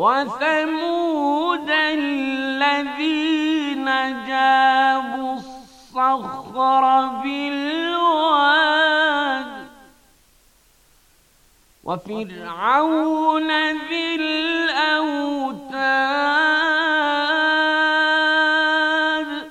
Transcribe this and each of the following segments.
وثمود الذين جابوا الصخر بالواد وفرعون ذي الأوتاد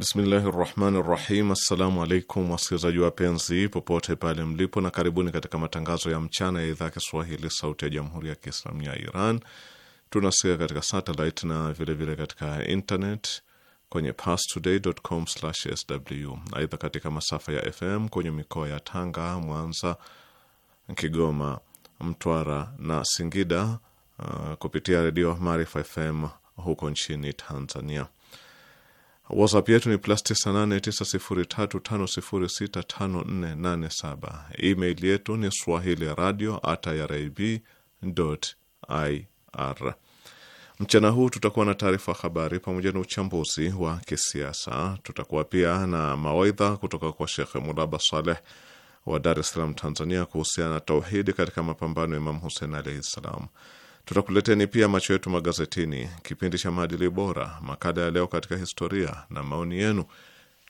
Bismillahi rahmani rahim. Assalamu alaikum wasikilizaji wapenzi popote pale mlipo, na karibuni katika matangazo ya mchana ya idhaa ya Kiswahili sauti ya jamhuri ya Kiislamu ya Iran. Tunasikia katika satelit na vilevile vile katika internet kwenye pastoday.com/sw. Aidha, katika masafa ya FM kwenye mikoa ya Tanga, Mwanza, Kigoma, Mtwara na Singida, uh, kupitia redio Maarifa FM huko nchini Tanzania. WhatsApp yetu ni plus 989035065487. Email yetu ni swahili radio at irib.ir. Mchana huu tutakuwa na taarifa habari pamoja na uchambuzi wa kisiasa. Tutakuwa pia na mawaidha kutoka kwa Shekhe Muraba Saleh wa Dar es Salaam, Tanzania, kuhusiana na tauhidi katika mapambano ya Imam Husein alaihi ssalam. Tutakuleteni pia macho yetu magazetini, kipindi cha maadili bora, makala ya leo katika historia na maoni yenu,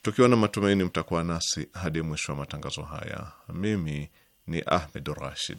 tukiwa na matumaini mtakuwa nasi hadi mwisho wa matangazo haya. Mimi ni Ahmed Rashid.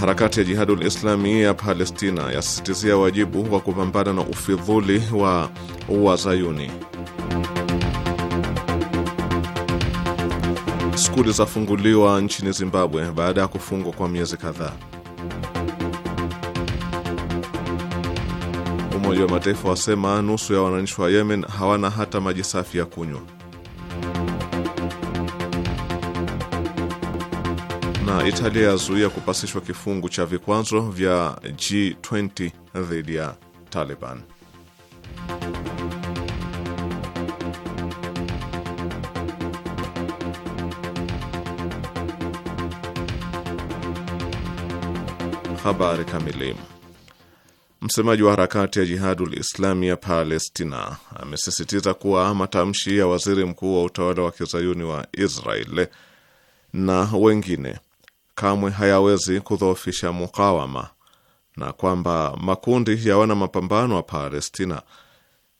Harakati ya Jihadul Islami ya Palestina yasisitizia wajibu wa kupambana na ufidhuli wa Wazayuni. Skuli zafunguliwa nchini Zimbabwe baada ya kufungwa kwa miezi kadhaa. Umoja wa Mataifa wasema nusu ya wananchi wa Yemen hawana hata maji safi ya kunywa. na Italia yazuia kupasishwa kifungu cha vikwazo vya G20 dhidi ya Taliban. Habari kamili. Msemaji wa harakati ya Jihadul Islami ya Palestina amesisitiza kuwa matamshi ya waziri mkuu wa utawala wa kizayuni wa Israel na wengine kamwe hayawezi kudhoofisha mukawama na kwamba makundi ya wana mapambano wa Palestina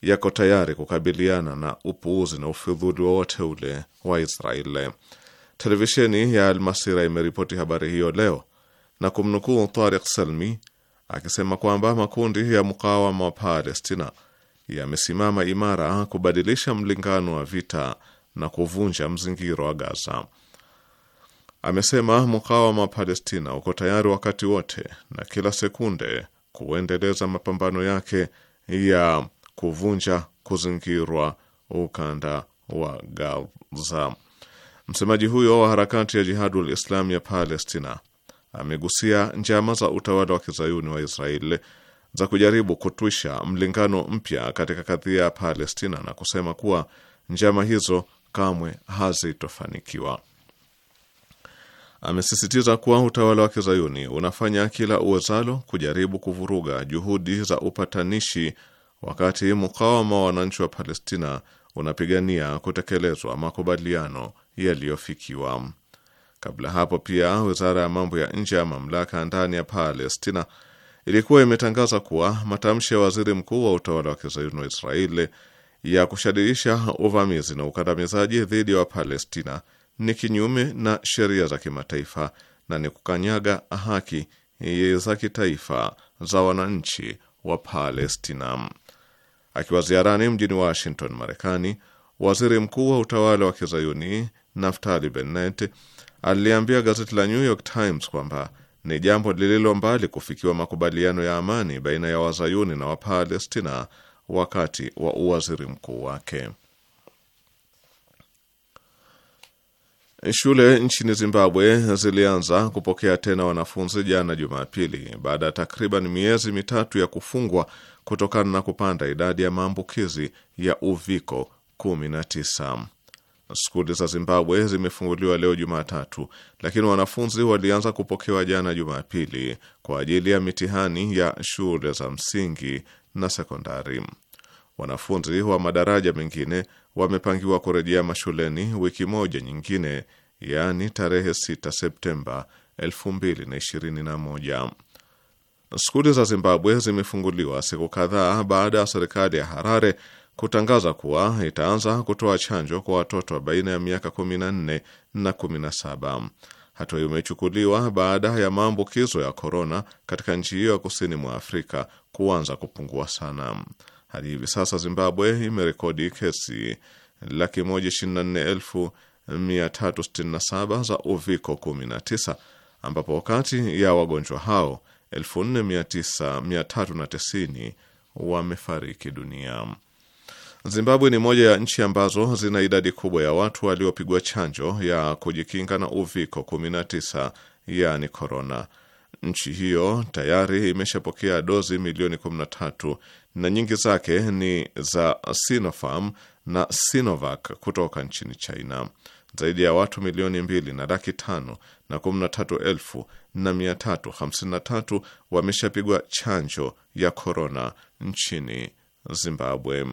yako tayari kukabiliana na upuuzi na ufidhuli wowote ule wa Israeli. Televisheni ya Almasira imeripoti habari hiyo leo na kumnukuu Tariq Salmi akisema kwamba makundi ya mukawama wa Palestina yamesimama imara kubadilisha mlingano wa vita na kuvunja mzingiro wa Gaza amesema mkawama wa Palestina uko tayari wakati wote na kila sekunde kuendeleza mapambano yake ya kuvunja kuzingirwa ukanda wa Gaza. Msemaji huyo wa harakati ya Jihadul Islam ya Palestina amegusia njama za utawala wa kizayuni wa Israeli za kujaribu kutwisha mlingano mpya katika kadhia ya Palestina na kusema kuwa njama hizo kamwe hazitofanikiwa amesisitiza kuwa utawala wa kizayuni unafanya kila uwezalo kujaribu kuvuruga juhudi za upatanishi, wakati mukawama wa wananchi wa Palestina unapigania kutekelezwa makubaliano yaliyofikiwa. Kabla hapo pia, wizara ya mambo ya nje ya mamlaka ndani ya Palestina ilikuwa imetangaza kuwa matamshi ya waziri mkuu wa utawala wa kizayuni wa Israeli ya kushadirisha uvamizi na ukandamizaji dhidi ya Wapalestina ni kinyume na sheria za kimataifa na ni kukanyaga haki za kitaifa za wananchi wa Palestina. Akiwa ziarani mjini Washington, Marekani, waziri mkuu wa utawala wa kizayuni Naftali Bennett aliambia gazeti la New York Times kwamba ni jambo lililo mbali kufikiwa makubaliano ya amani baina ya wazayuni na wapalestina wakati wa uwaziri mkuu wake. Shule nchini Zimbabwe zilianza kupokea tena wanafunzi jana Jumapili baada ya takriban miezi mitatu ya kufungwa kutokana na kupanda idadi ya maambukizi ya uviko 19. Skuli za Zimbabwe zimefunguliwa leo Jumatatu, lakini wanafunzi walianza kupokewa jana Jumapili kwa ajili ya mitihani ya shule za msingi na sekondari. Wanafunzi wa madaraja mengine wamepangiwa kurejea mashuleni wiki moja nyingine, yaani tarehe 6 Septemba 2021. Skuli za Zimbabwe zimefunguliwa siku kadhaa baada ya serikali ya Harare kutangaza kuwa itaanza kutoa chanjo kwa watoto baina ya miaka 14 na 17. Hatua hiyo imechukuliwa baada ya maambukizo ya korona katika nchi hiyo ya kusini mwa Afrika kuanza kupungua sana. Hadi hivi sasa Zimbabwe imerekodi kesi laki moja ishirini na nne elfu mia tatu sitini na saba za uviko 19 ambapo kati ya wagonjwa hao tisini wamefariki dunia. Zimbabwe ni moja ya nchi ambazo zina idadi kubwa ya watu waliopigwa chanjo ya kujikinga na uviko 19, yaani korona. Nchi hiyo tayari imeshapokea dozi milioni 13 na nyingi zake ni za Sinopharm na Sinovac kutoka nchini China. Zaidi ya watu milioni mbili na laki tano na kumi na tatu elfu na mia tatu hamsini na tatu wameshapigwa chanjo ya korona nchini Zimbabwe.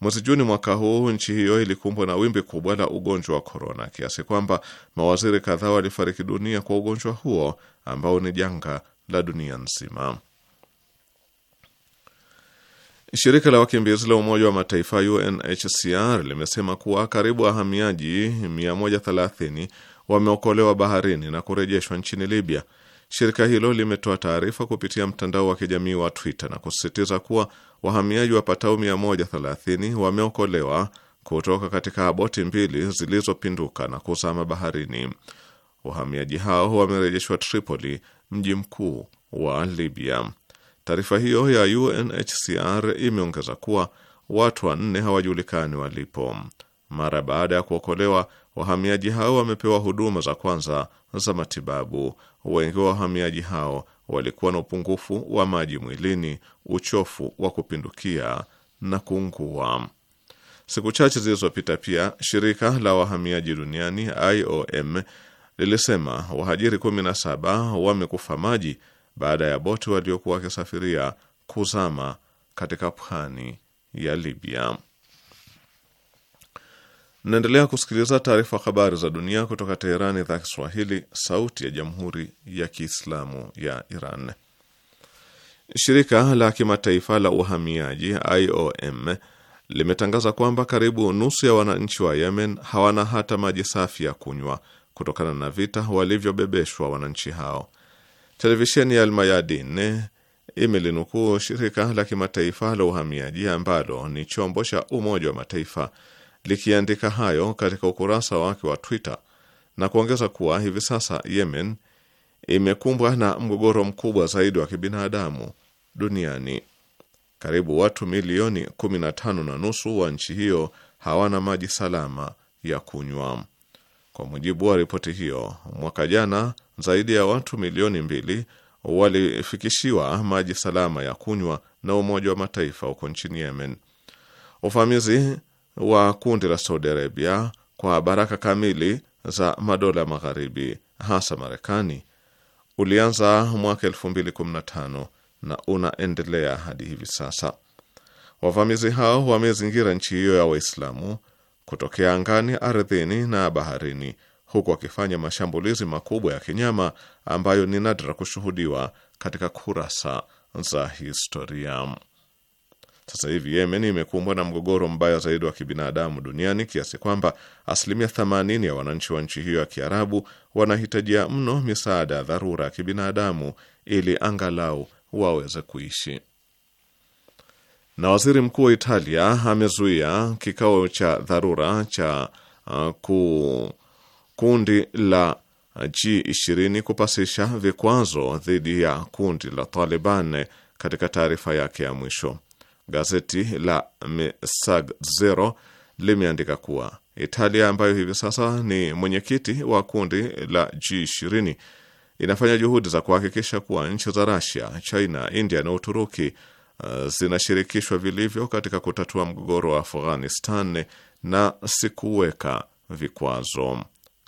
Mwezi Juni mwaka huu nchi hiyo ilikumbwa na wimbi kubwa la ugonjwa wa korona kiasi kwamba mawaziri kadhaa walifariki dunia kwa ugonjwa huo ambao ni janga la dunia nzima. Shirika la wakimbizi la Umoja wa Mataifa UNHCR limesema kuwa karibu wahamiaji 130 wameokolewa baharini na kurejeshwa nchini Libya. Shirika hilo limetoa taarifa kupitia mtandao wa kijamii wa Twitter na kusisitiza kuwa wahamiaji wapatao 130 wameokolewa kutoka katika boti mbili zilizopinduka na kuzama baharini. Wahamiaji hao wamerejeshwa Tripoli, mji mkuu wa Libya. Taarifa hiyo ya UNHCR imeongeza kuwa watu wanne hawajulikani walipo. Mara baada ya kuokolewa, wahamiaji hao wamepewa huduma za kwanza za matibabu. Wengi wa wahamiaji hao walikuwa na upungufu wa maji mwilini, uchofu wa kupindukia na kuungua. Siku chache zilizopita pia shirika la wahamiaji duniani IOM lilisema wahajiri 17 wamekufa maji baada ya boti waliokuwa wakisafiria kuzama katika pwani ya Libya. Naendelea kusikiliza taarifa habari za dunia kutoka Teherani, idhaa Kiswahili, sauti ya jamhuri ya kiislamu ya Iran. Shirika la kimataifa la uhamiaji IOM limetangaza kwamba karibu nusu ya wananchi wa Yemen hawana hata maji safi ya kunywa kutokana na vita walivyobebeshwa wananchi hao. Televisheni ya Almayadin imelinukuu shirika la kimataifa la uhamiaji ambalo ni chombo cha Umoja wa Mataifa likiandika hayo katika ukurasa wake wa Twitter na kuongeza kuwa hivi sasa Yemen imekumbwa na mgogoro mkubwa zaidi wa kibinadamu duniani. Karibu watu milioni 15 na nusu wa nchi hiyo hawana maji salama ya kunywa. Kwa mujibu wa ripoti hiyo, mwaka jana zaidi ya watu milioni mbili walifikishiwa maji salama ya kunywa na Umoja wa Mataifa huko nchini Yemen. Uvamizi wa kundi la Saudi Arabia kwa baraka kamili za madola magharibi hasa Marekani ulianza mwaka 215 na unaendelea hadi hivi sasa. Wavamizi hao wamezingira nchi hiyo ya Waislamu kutokea angani, ardhini na baharini huku akifanya mashambulizi makubwa ya kinyama ambayo ni nadra kushuhudiwa katika kurasa za historia. Sasa hivi Yemen imekumbwa na mgogoro mbaya zaidi wa kibinadamu duniani kiasi kwamba asilimia 80 ya wananchi wa nchi hiyo ya Kiarabu wanahitajia mno misaada ya dharura ya kibinadamu ili angalau waweze kuishi. Na waziri mkuu wa Italia amezuia kikao cha dharura cha uh, ku kundi la G20 kupasisha vikwazo dhidi ya kundi la Taliban katika taarifa yake ya mwisho. Gazeti la mesag Zero limeandika kuwa Italia ambayo hivi sasa ni mwenyekiti wa kundi la G20 inafanya juhudi za kuhakikisha kuwa nchi za Russia, China, India na Uturuki uh, zinashirikishwa vilivyo katika kutatua mgogoro wa Afghanistan na sikuweka vikwazo.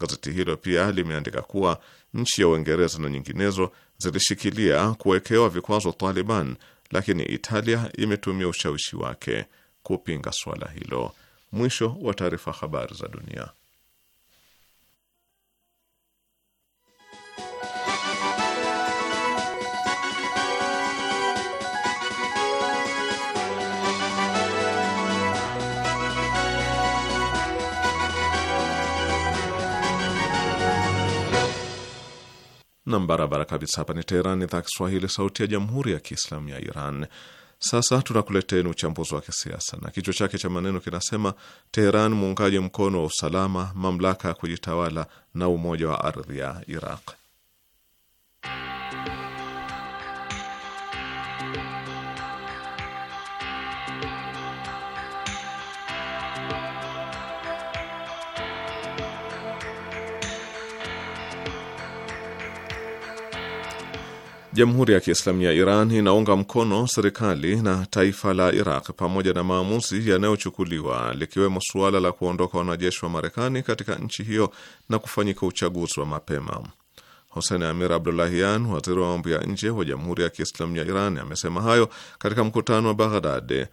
Gazeti hilo pia limeandika kuwa nchi ya Uingereza na nyinginezo zilishikilia kuwekewa vikwazo Taliban, lakini Italia imetumia ushawishi wake kupinga swala hilo. Mwisho wa taarifa. Habari za dunia. na mbarabara kabisa. Hapa ni teheran idhaa Kiswahili, sauti ya jamhuri ya kiislamu ya Iran. Sasa tunakuleteni uchambuzi wa kisiasa na kichwa chake cha maneno kinasema: Teheran muungaji mkono wa usalama, mamlaka ya kujitawala na umoja wa ardhi ya Iraq. Jamhuri ya Kiislamu ya Iran inaunga mkono serikali na taifa la Iraq pamoja na maamuzi yanayochukuliwa likiwemo suala la kuondoka wanajeshi wa Marekani katika nchi hiyo na kufanyika uchaguzi wa mapema. Hosen Amir Abdollahian, waziri wa mambo ya nje wa Jamhuri ya Kiislamu ya Iran, amesema hayo katika mkutano wa Baghdad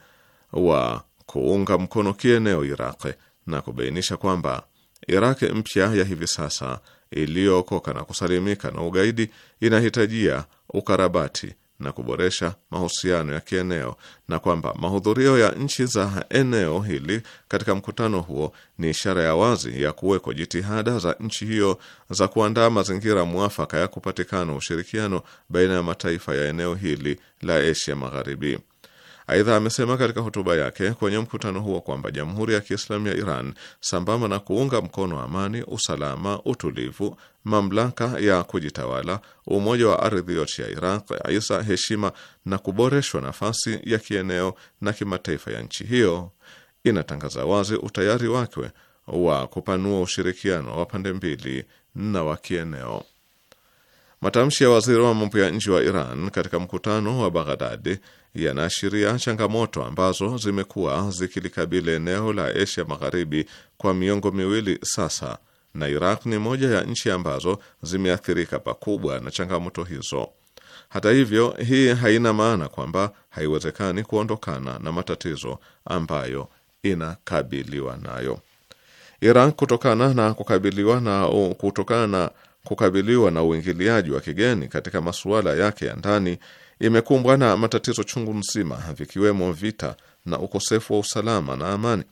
wa kuunga mkono kieneo Iraq na kubainisha kwamba Iraq mpya ya hivi sasa iliyookoka na kusalimika na ugaidi inahitajia ukarabati na kuboresha mahusiano ya kieneo na kwamba mahudhurio ya nchi za eneo hili katika mkutano huo ni ishara ya wazi ya kuwekwa jitihada za nchi hiyo za kuandaa mazingira mwafaka ya kupatikana ushirikiano baina ya mataifa ya eneo hili la Asia Magharibi. Aidha, amesema katika hotuba yake kwenye mkutano huo kwamba Jamhuri ya Kiislamu ya Iran, sambamba na kuunga mkono amani, usalama, utulivu mamlaka ya kujitawala, umoja wa ardhi yote ya Iraq, isa heshima na kuboreshwa nafasi ya kieneo na kimataifa ya nchi hiyo, inatangaza wazi utayari wake wa kupanua ushirikiano wa pande mbili na wa kieneo. Matamshi ya waziri wa mambo ya nje wa Iran katika mkutano wa baghdadi yanaashiria changamoto ambazo zimekuwa zikilikabili eneo la Asia Magharibi kwa miongo miwili sasa na Iraq ni moja ya nchi ambazo zimeathirika pakubwa na changamoto hizo. Hata hivyo, hii haina maana kwamba haiwezekani kuondokana na matatizo ambayo inakabiliwa nayo Iraq kutokana na kukabiliwa na kutokana na kukabiliwa na uingiliaji wa kigeni katika masuala yake ya ndani imekumbwa na matatizo chungu mzima, vikiwemo vita na ukosefu wa usalama na amani.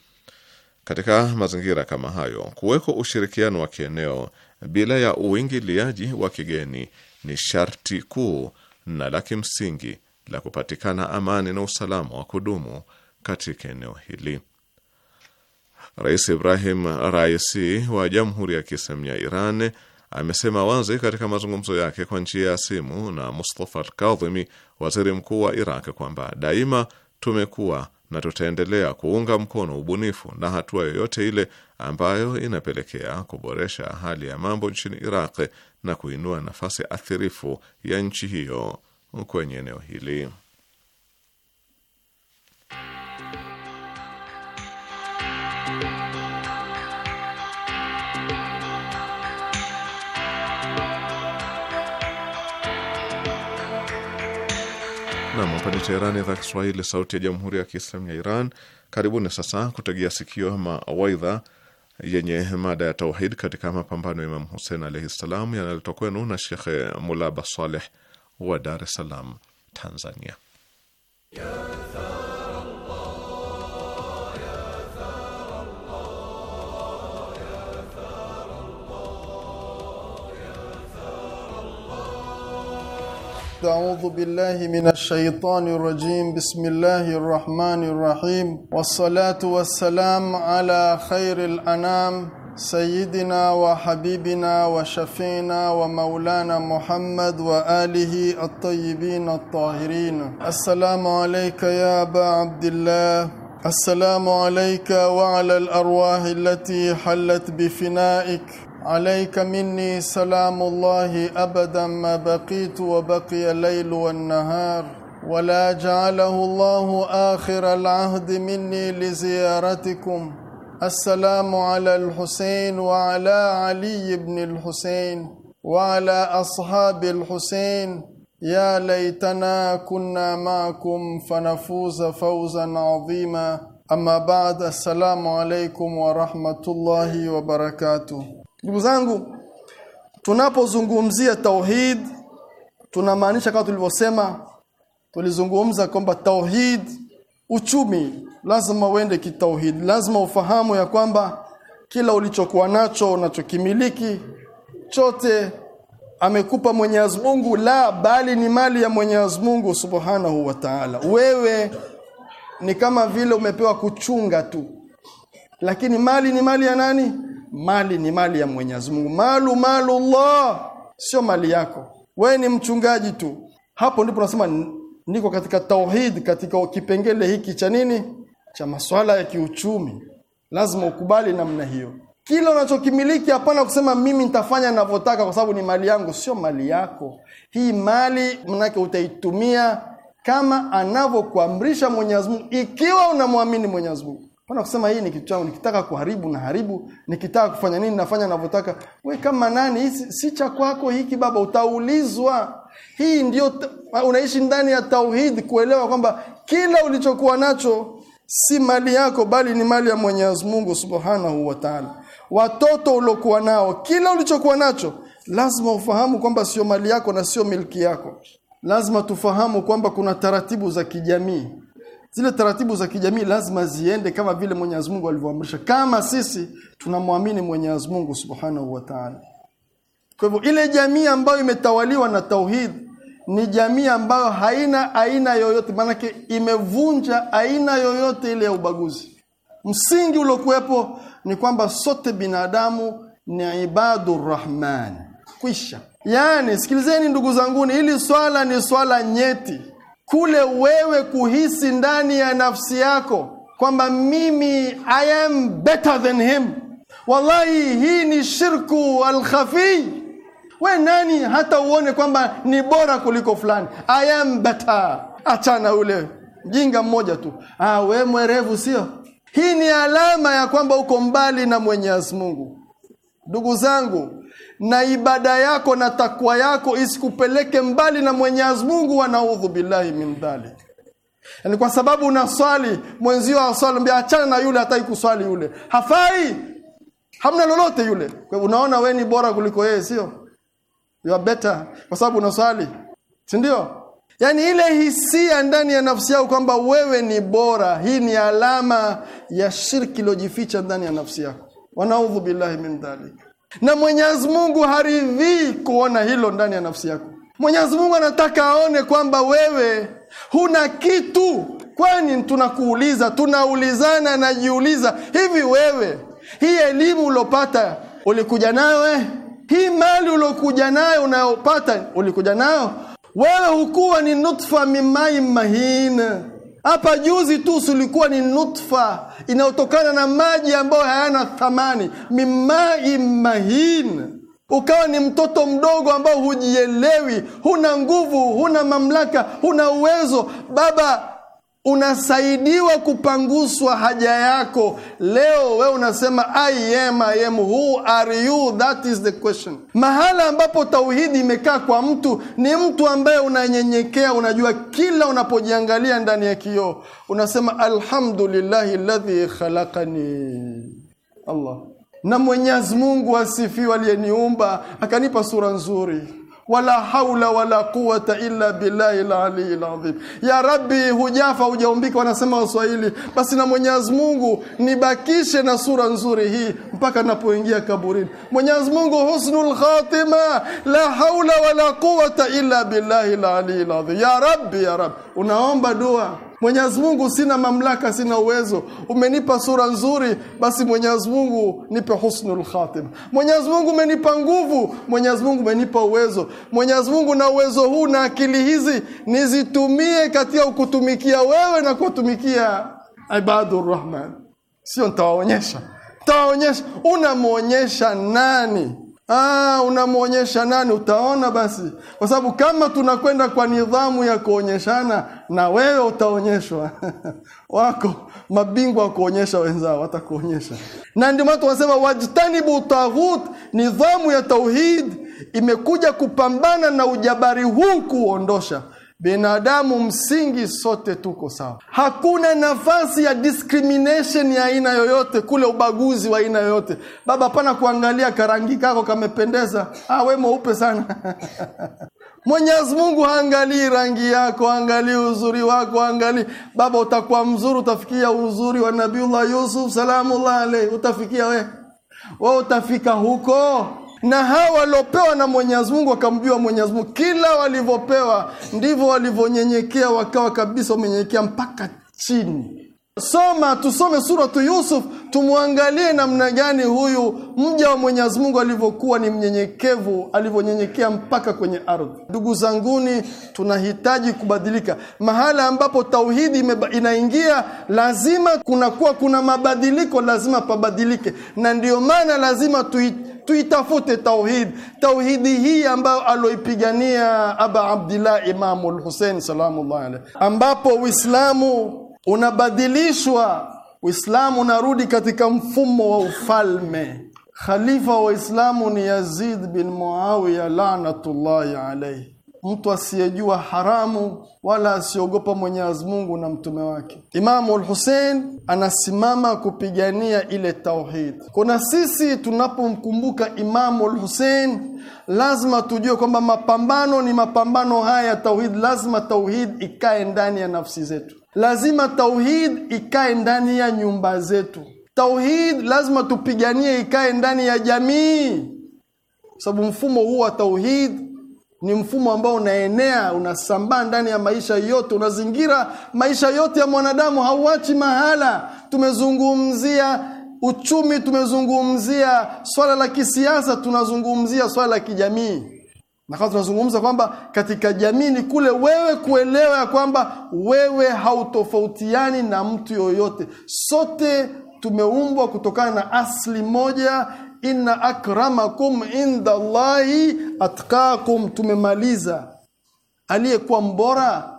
Katika mazingira kama hayo, kuweko ushirikiano wa kieneo bila ya uingiliaji wa kigeni ni sharti kuu na la kimsingi la kupatikana amani na usalama wa kudumu katika eneo hili. Rais Ibrahim Raisi wa Jamhuri ya Kiislamu ya Iran amesema wazi katika mazungumzo yake kwa njia ya simu na Mustafa Kadhimi, waziri mkuu wa Iraq, kwamba daima tumekuwa na tutaendelea kuunga mkono ubunifu na hatua yoyote ile ambayo inapelekea kuboresha hali ya mambo nchini Iraq na kuinua nafasi athirifu ya nchi hiyo kwenye eneo hili. Nam, hapa ni Teherani, idhaa Kiswahili, sauti ya jamhuri ya kiislamu ya Iran. Karibuni sasa kutegea sikio mawaidha yenye mada ya tauhid katika mapambano ya Imam Husein alaihi ssalam, yanaletwa kwenu na Shekhe Mulaba Saleh wa Dar es Salaam, Tanzania. أعوذ بالله من الشيطان الرجيم بسم الله الرحمن الرحيم والصلاة والسلام على خير الأنام سيدنا وحبيبنا وشفينا ومولانا محمد وآله الطيبين الطاهرين السلام عليك يا أبا عبد الله السلام عليك وعلى الأرواح التي حلت بفنائك عليك مني سلام الله أبدا ما بقيت وبقي الليل والنهار ولا جعله الله آخر العهد مني لزيارتكم السلام على الحسين وعلى علي بن الحسين وعلى أصحاب الحسين يا ليتنا كنا معكم فنفوز فوزا عظيما أما بعد السلام عليكم ورحمة الله وبركاته ndugu zangu tunapozungumzia tauhid tunamaanisha kama tulivyosema tulizungumza kwamba tauhid uchumi lazima uende kitauhid lazima ufahamu ya kwamba kila ulichokuwa nacho unachokimiliki chote amekupa Mwenyezi Mungu la bali ni mali ya Mwenyezi Mungu Subhanahu wa Ta'ala wewe ni kama vile umepewa kuchunga tu lakini mali ni mali ya nani mali ni mali ya Mwenyezi Mungu. Malu Allah, sio mali yako. Wewe ni mchungaji tu. Hapo ndipo nasema niko katika tauhid, katika kipengele hiki cha nini cha masuala ya kiuchumi. Lazima ukubali namna hiyo. Kila unachokimiliki hapana kusema mimi nitafanya ninavyotaka kwa sababu ni mali yangu, sio mali yako. Hii mali manake utaitumia kama anavyokuamrisha Mwenyezi Mungu ikiwa unamwamini Mwenyezi Mungu. Mbona kusema hii ni kitu changu, nikitaka kuharibu na haribu, nikitaka kufanya nini nafanya ninavyotaka. We kama nani, hii si cha kwako hiki baba, utaulizwa. Hii ndio unaishi ndani ya tauhid, kuelewa kwamba kila ulichokuwa nacho si mali yako, bali ni mali ya Mwenyezi Mungu Subhanahu wa Ta'ala. Watoto uliokuwa nao, kila ulichokuwa nacho lazima ufahamu kwamba sio mali yako na sio milki yako. Lazima tufahamu kwamba kuna taratibu za kijamii zile taratibu za kijamii lazima ziende kama vile Mwenyezi Mungu alivyoamrisha, kama sisi tunamwamini Mwenyezi Mungu Subhanahu wa Ta'ala. Kwa hivyo ile jamii ambayo imetawaliwa na tauhid ni jamii ambayo haina aina yoyote, maanake imevunja aina yoyote ile ya ubaguzi. Msingi uliokuwepo ni kwamba sote binadamu ni ibadu rahman, kwisha. Yaani, sikilizeni ndugu zanguni, hili swala ni swala nyeti kule wewe kuhisi ndani ya nafsi yako kwamba mimi I am better than him. Wallahi, hii ni shirku alkhafi. We nani hata uone kwamba ni bora kuliko fulani? I am better. Achana ule jinga mmoja tu, ah, we mwerevu, sio? Hii ni alama ya kwamba uko mbali na Mwenyezi Mungu. Ndugu zangu, na ibada yako na takwa yako isikupeleke mbali na Mwenyezi Mungu, wanaudhu billahi min dhalik. Yani kwa sababu unaswali mwenzio aswali, mbia achana na yule, hataki kuswali yule, hafai, hamna lolote yule. Kwa unaona wewe ni bora kuliko yeye, sio? You are better kwa sababu unaswali, si ndio? Yani ile hisia ndani ya nafsi yako kwamba wewe ni bora, hii ni alama ya shirki iliyojificha ndani ya nafsi yako. Wanaudhu billahi min dhalik na Mwenyezi Mungu haridhii kuona hilo ndani ya nafsi yako. Mwenyezi Mungu anataka aone kwamba wewe huna kitu. Kwani tunakuuliza, tunaulizana, najiuliza, hivi wewe hii elimu uliopata ulikuja nayo eh? Hii mali uliokuja nayo unayopata ulikuja nayo wewe? Hukuwa ni nutfa mimai mahina hapa juzi tu sulikuwa ni nutfa inayotokana na maji ambayo hayana thamani, mimai mahin, ukawa ni mtoto mdogo ambao hujielewi, huna nguvu, huna mamlaka, huna uwezo. Baba unasaidiwa kupanguswa haja yako leo. wewe unasema I am, I am. Who are you? That is the question. Mahala ambapo tauhidi imekaa kwa mtu ni mtu ambaye unanyenyekea, unajua kila unapojiangalia ndani ya kioo unasema alhamdulillahi ladhi khalaqani Allah, na Mwenyezi Mungu asifiwe aliyeniumba akanipa sura nzuri wala haula wala quwata illa billahi aliyil ladhim Ya Rabbi, hujafa hujaumbika, wanasema Waswahili. Basi na Mwenyezi Mungu nibakishe na sura nzuri hii mpaka napoingia kaburini. Mwenyezi Mungu husnul khatima, la haula wala quwata illa billahi aliyil ladhim Ya Rabbi, ya Rabbi, unaomba dua Mwenyezi Mungu, sina mamlaka, sina uwezo. Umenipa sura nzuri, basi Mwenyezi Mungu nipe husnul khatima. Mwenyezi Mungu umenipa nguvu, Mwenyezi Mungu umenipa uwezo. Mwenyezi Mungu, na uwezo huu na akili hizi nizitumie katika ukutumikia wewe na kutumikia ibadur rahman. Sio ntawaonyesha nitawaonyesha. Unamwonyesha nani? Ah, unamwonyesha nani? Utaona basi, kwa sababu kama tunakwenda kwa nidhamu ya kuonyeshana, na wewe utaonyeshwa wako mabingwa wa kuonyesha wenzao watakuonyesha. Na ndio maana tunasema wajtanibu taghut. Nidhamu ya tauhid imekuja kupambana na ujabari huu kuondosha Binadamu msingi sote tuko sawa. Hakuna nafasi ya discrimination ya aina yoyote kule, ubaguzi wa aina yoyote. Baba, pana kuangalia karangi kako kamependeza, ah, we mweupe sana Mwenyezi Mungu haangalii rangi yako, haangalii uzuri wako, haangalii baba. Utakuwa mzuri, utafikia uzuri wa Nabiullah Yusuf salamullah alayhi, utafikia we, we utafika huko na hawa waliopewa na Mwenyezi Mungu wakamjua Mwenyezi Mungu. Kila walivyopewa ndivyo walivyonyenyekea, wakawa kabisa wamenyenyekea mpaka chini. Soma tusome suratu Yusuf, tumwangalie namna gani huyu mja wa Mwenyezi Mungu alivyokuwa ni mnyenyekevu, alivyonyenyekea mpaka kwenye ardhi. Ndugu zanguni, tunahitaji kubadilika. Mahala ambapo tauhidi inaingia, lazima kunakuwa kuna mabadiliko, lazima pabadilike, na ndiyo maana lazima tui, tuitafute tauhidi, tauhidi hii ambayo aloipigania Aba Abdillah Imamul Hussein salamullahi alayhi, ambapo Uislamu unabadilishwa Uislamu unarudi katika mfumo wa ufalme. Khalifa wa Uislamu ni Yazid bin Muawiya lanatullahi alayhi, mtu asiyejua haramu wala asiogopa Mwenyezi Mungu na mtume wake. Imamu al-Hussein anasimama kupigania ile tauhid. Kuna sisi tunapomkumbuka Imamu al-Hussein lazima tujue kwamba mapambano ni mapambano haya ya tauhid, lazima tauhid ikae ndani ya nafsi zetu lazima tauhid ikae ndani ya nyumba zetu. Tauhid lazima tupiganie ikae ndani ya jamii, sababu mfumo huu wa tauhid ni mfumo ambao unaenea, unasambaa ndani ya maisha yote, unazingira maisha yote ya mwanadamu, hauachi mahala. Tumezungumzia uchumi, tumezungumzia swala la kisiasa, tunazungumzia swala la kijamii. Na kama tunazungumza kwamba katika jamii ni kule wewe kuelewa ya kwamba wewe hautofautiani na mtu yoyote. Sote tumeumbwa kutokana na asli moja, inna akramakum inda Allahi atqakum. Tumemaliza, aliyekuwa mbora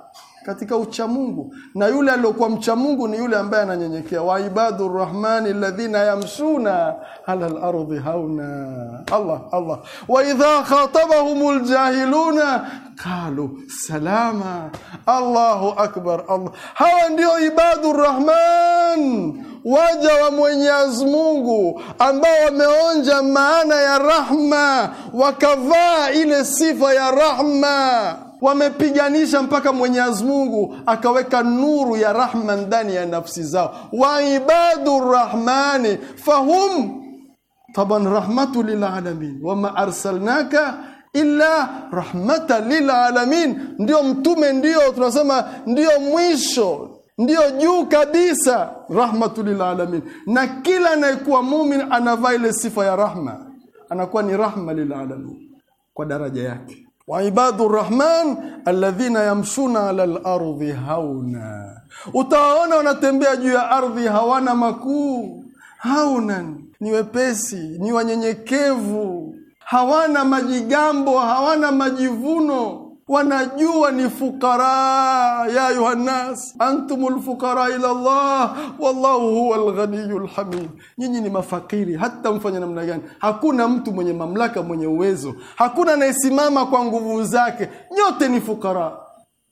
katika uchamungu na yule aliyokuwa mchamungu ni yule ambaye ananyenyekea wa ibadu rahmani alladhina yamshuna ala al-ardi hauna Allah Allah wa idha khatabahumul jahiluna qalu salama Allahu akbar Allah hawa ndio ibadu rahman waja wa Mwenyezi Mungu ambao wameonja maana ya rahma wakavaa ile sifa ya rahma wamepiganisha mpaka Mwenyezi Mungu akaweka nuru ya rahma ndani ya nafsi zao. wa ibadu rahmani fahum taban rahmatu lilalamin wama arsalnaka illa rahmata lilalamin. Ndio mtume, ndio tunasema ndio mwisho ndio juu kabisa, rahmatu lilalamin. Na kila anayekuwa mumin anavaa ile sifa ya rahma, anakuwa ni rahma lilalamin kwa daraja yake wa ibadu rahman alladhina yamshuna ala lardhi hauna, utawaona wanatembea juu ya ardhi hawana makuu. Haunan ni wepesi, ni wanyenyekevu, hawana majigambo, hawana majivuno wanajua ni fukara ya yuhannas antum lfukara ila llah wallahu huwa lghaniyu lhamid, nyinyi ni mafakiri hata mfanye namna gani hakuna mtu mwenye mamlaka mwenye uwezo hakuna anayesimama kwa nguvu zake nyote ni fukara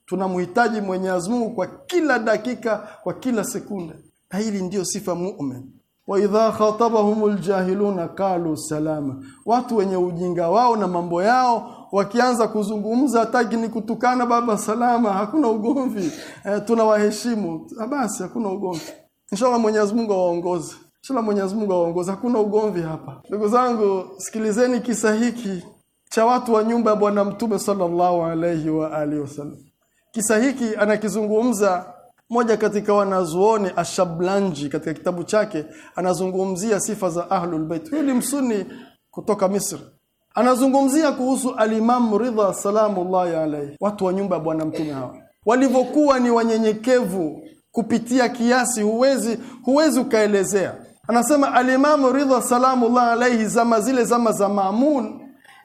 tunamhitaji Mwenyezi Mungu kwa kila dakika kwa kila sekunde na hili ndiyo sifa mu'min wa idha khatabahumul kalu salama watu wenye ujinga wao na mambo yao wakianza kuzungumza tagi ni kutukana baba salama hakuna ugomvi e, tunawaheshimu ah, basi hakuna ugomvi inshallah Mwenyezi Mungu awaongoze inshallah Mwenyezi Mungu awaongoze hakuna ugomvi hapa ndugu zangu sikilizeni kisa hiki cha watu wa nyumba ya bwana mtume sallallahu alayhi wa alihi wasallam kisa hiki anakizungumza moja katika wanazuoni Ashablanji katika kitabu chake anazungumzia sifa za Ahlul Bait. Huyu ni msuni kutoka Misri anazungumzia kuhusu alimamu Ridha salamullahi alaihi, watu wa nyumba ya bwana mtume hawa walivyokuwa ni wanyenyekevu kupitia kiasi huwezi huwezi ukaelezea anasema alimamu Ridha salamullahi alaihi, zama zile zama za Maamun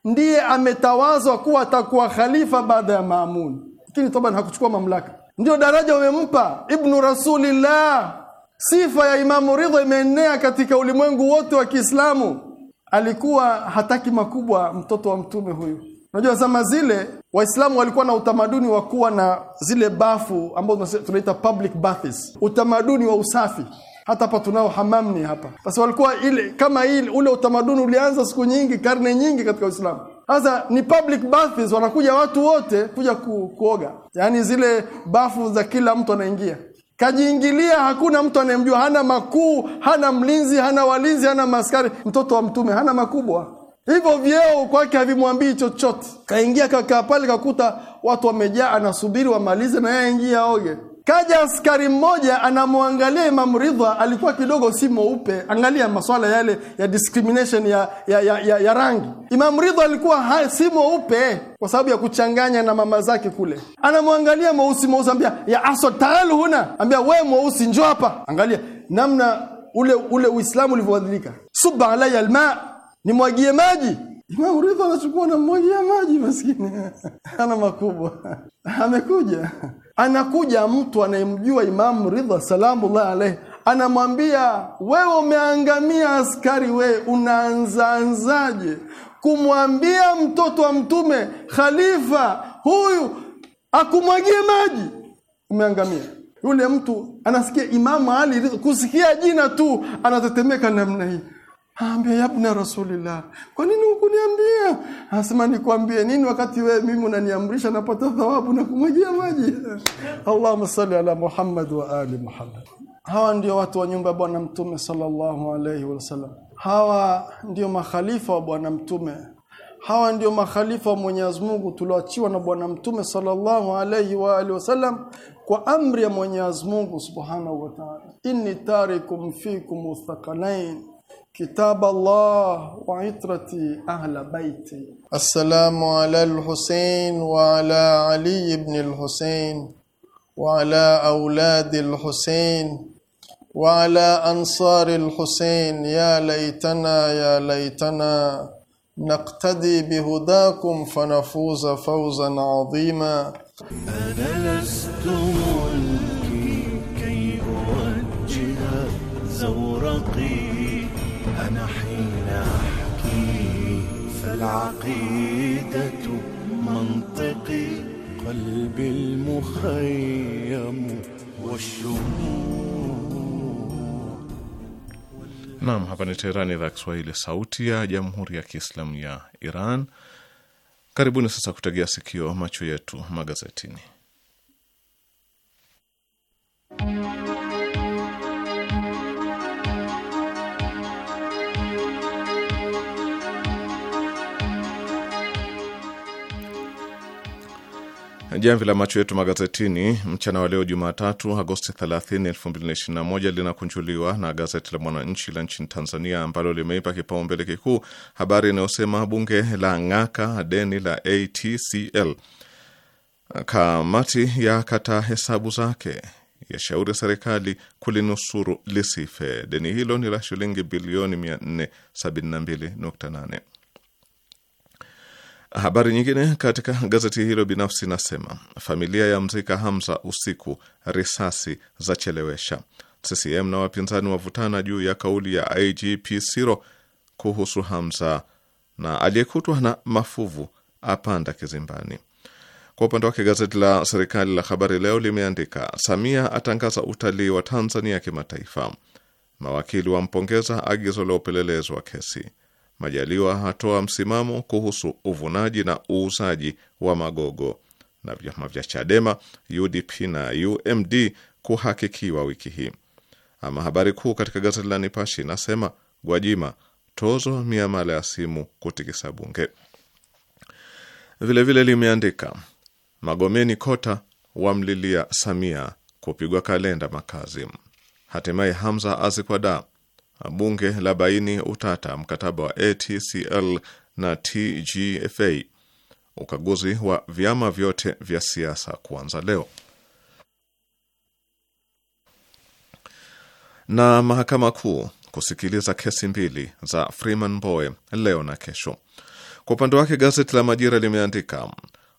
ndiye ametawazwa kuwa atakuwa khalifa baada ya Maamun lakini toban hakuchukua mamlaka ndio daraja wamempa ibnu rasulillah sifa ya imamu Ridha imeenea katika ulimwengu wote wa Kiislamu alikuwa hataki makubwa mtoto wa mtume huyu. Unajua zama zile Waislamu walikuwa na utamaduni wa kuwa na zile bafu ambazo tunaita public baths, utamaduni wa usafi. Hata hapa tunao hamamni hapa. basi walikuwa ile kama ile ule utamaduni ulianza siku nyingi, karne nyingi katika Uislamu. Sasa ni public baths, wanakuja watu wote kuja ku, kuoga, yaani zile bafu za kila mtu anaingia kajiingilia, hakuna mtu anayemjua, hana makuu, hana mlinzi, hana walinzi, hana maskari, mtoto wa mtume hana makubwa hivyo vyeo kwake havimwambii chochote. Kaingia kakaa pale, kakuta watu wamejaa, anasubiri wamalize na yeye aingie aoge. Kaja askari mmoja anamwangalia Imam Ridha, alikuwa kidogo si mweupe. Angalia maswala yale ya discrimination ya, ya, ya, ya, ya rangi. Imam Ridha alikuwa hai, si mweupe kwa sababu ya kuchanganya na mama zake kule. Anamwangalia mweusi mweusi, ambia ya aso taalu huna, ambia we mweusi njo hapa. Angalia namna ule ule Uislamu ulivyobadilika. Suba alaya alma, nimwagie maji Imam Ridha anachukua na mmoja ya maji maskini. Ana makubwa. Amekuja. Anakuja mtu anayemjua Imamu Ridha salamullahi alaihi, anamwambia wewe, umeangamia askari, wewe unaanzaanzaje kumwambia mtoto wa Mtume khalifa huyu akumwagie maji? Umeangamia. Yule mtu anasikia Imamu Ali, kusikia jina tu anatetemeka namna hii. Ambia yabna rasulillah. Kwa nini hukuniambia? Anasema nikwambie nini wakati wewe mimi unaniamrisha napata thawabu na kumwagia maji. Allahumma salli ala Muhammad wa ali Muhammad. Hawa ndio watu wa nyumba ya Bwana Mtume sallallahu alaihi wasallam. Hawa ndio makhalifa wa Bwana Mtume. Hawa ndio makhalifa wa Mwenyezi Mungu tulioachiwa na Bwana Mtume sallallahu alayhi wa alihi wasallam kwa amri ya Mwenyezi Mungu subhanahu wa ta'ala. Inni tarikum fikum thaqalain كتاب الله وعطرتي أهل بيتي السلام على الحسين وعلى علي بن الحسين وعلى أولاد الحسين وعلى أنصار الحسين يا ليتنا يا ليتنا نقتدي بهداكم فنفوز فوزا عظيما أنا لست ملكي كي أوجه زورقي العقيدة منطقي قلبي المخيم والشموع hapa ni Teherani, idhaa Kiswahili, sauti ya jamhuri ya kiislamu ya Iran. Karibuni sasa kutegea sikio macho yetu magazetini. Jamvi la macho yetu magazetini mchana wa leo Jumatatu, Agosti 30, 2021 linakunjuliwa na gazeti la Mwananchi la nchini Tanzania, ambalo limeipa kipaumbele kikuu habari inayosema bunge la ng'aka deni la ATCL, kamati ya kata hesabu zake yashauri serikali kulinusuru lisife. Deni hilo ni la shilingi bilioni 472.8. Habari nyingine katika gazeti hilo binafsi inasema familia ya mzika Hamza usiku, risasi za chelewesha. CCM na wapinzani wavutana juu ya kauli ya IGP Siro kuhusu Hamza, na aliyekutwa na mafuvu apanda kizimbani. Kwa upande wake gazeti la serikali la Habari Leo limeandika Samia atangaza utalii wa Tanzania kimataifa, mawakili wampongeza agizo la upelelezi wa kesi Majaliwa atoa msimamo kuhusu uvunaji na uuzaji wa magogo, na vyama vya Chadema, UDP na UMD kuhakikiwa wiki hii. Ama habari kuu katika gazeti la nipashi inasema Gwajima, tozo miamala ya simu kutikisa bunge. Vilevile limeandika Magomeni Kota wamlilia Samia kupigwa kalenda makazi. Hatimaye Hamza azikwa bunge la baini utata mkataba wa ATCL na TGFA. Ukaguzi wa vyama vyote vya siasa kuanza leo. Na mahakama kuu kusikiliza kesi mbili za Freeman Mbowe leo na kesho. Kwa upande wake gazeti la Majira limeandika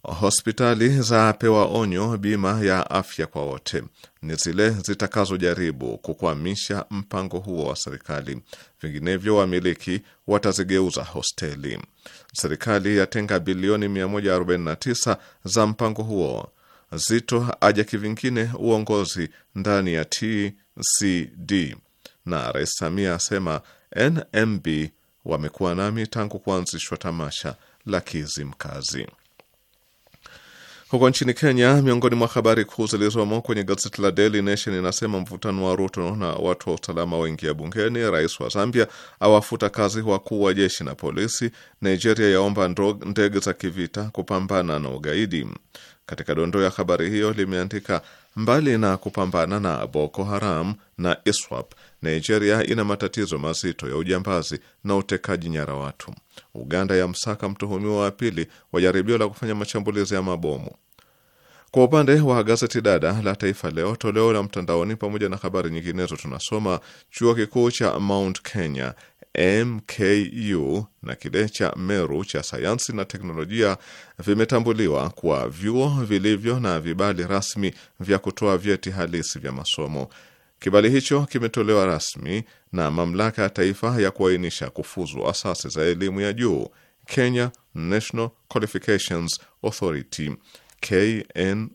Hospitali zapewa onyo. Bima ya afya kwa wote ni zile zitakazojaribu kukwamisha mpango huo wa serikali, vinginevyo wamiliki watazigeuza hosteli. Serikali yatenga bilioni 149 za mpango huo. Zito aja kivingine uongozi ndani ya TCD, na Rais Samia asema NMB wamekuwa nami tangu kuanzishwa tamasha la Kizimkazi. Huko nchini Kenya, miongoni mwa habari kuu zilizomo kwenye gazeti la Daily Nation inasema mvutano wa Ruto na watu wa usalama waingia bungeni. Rais wa Zambia awafuta kazi wakuu wa jeshi na polisi. Nigeria yaomba ndege za kivita kupambana na ugaidi. Katika dondoo ya habari hiyo limeandika mbali na kupambana na Boko Haram na ISWAP, Nigeria ina matatizo mazito ya ujambazi na utekaji nyara watu. Uganda yamsaka mtuhumiwa wa pili wa jaribio la kufanya mashambulizi ya mabomu. Kwa upande wa gazeti dada la Taifa Leo toleo la mtandaoni, pamoja na habari nyinginezo, tunasoma chuo kikuu cha Mount Kenya MKU na kile cha Meru cha sayansi na teknolojia vimetambuliwa kuwa vyuo vilivyo na vibali rasmi vya kutoa vyeti halisi vya masomo. Kibali hicho kimetolewa rasmi na mamlaka ya taifa ya kuainisha kufuzu asasi za elimu ya juu Kenya National Qualifications Authority KNCQA.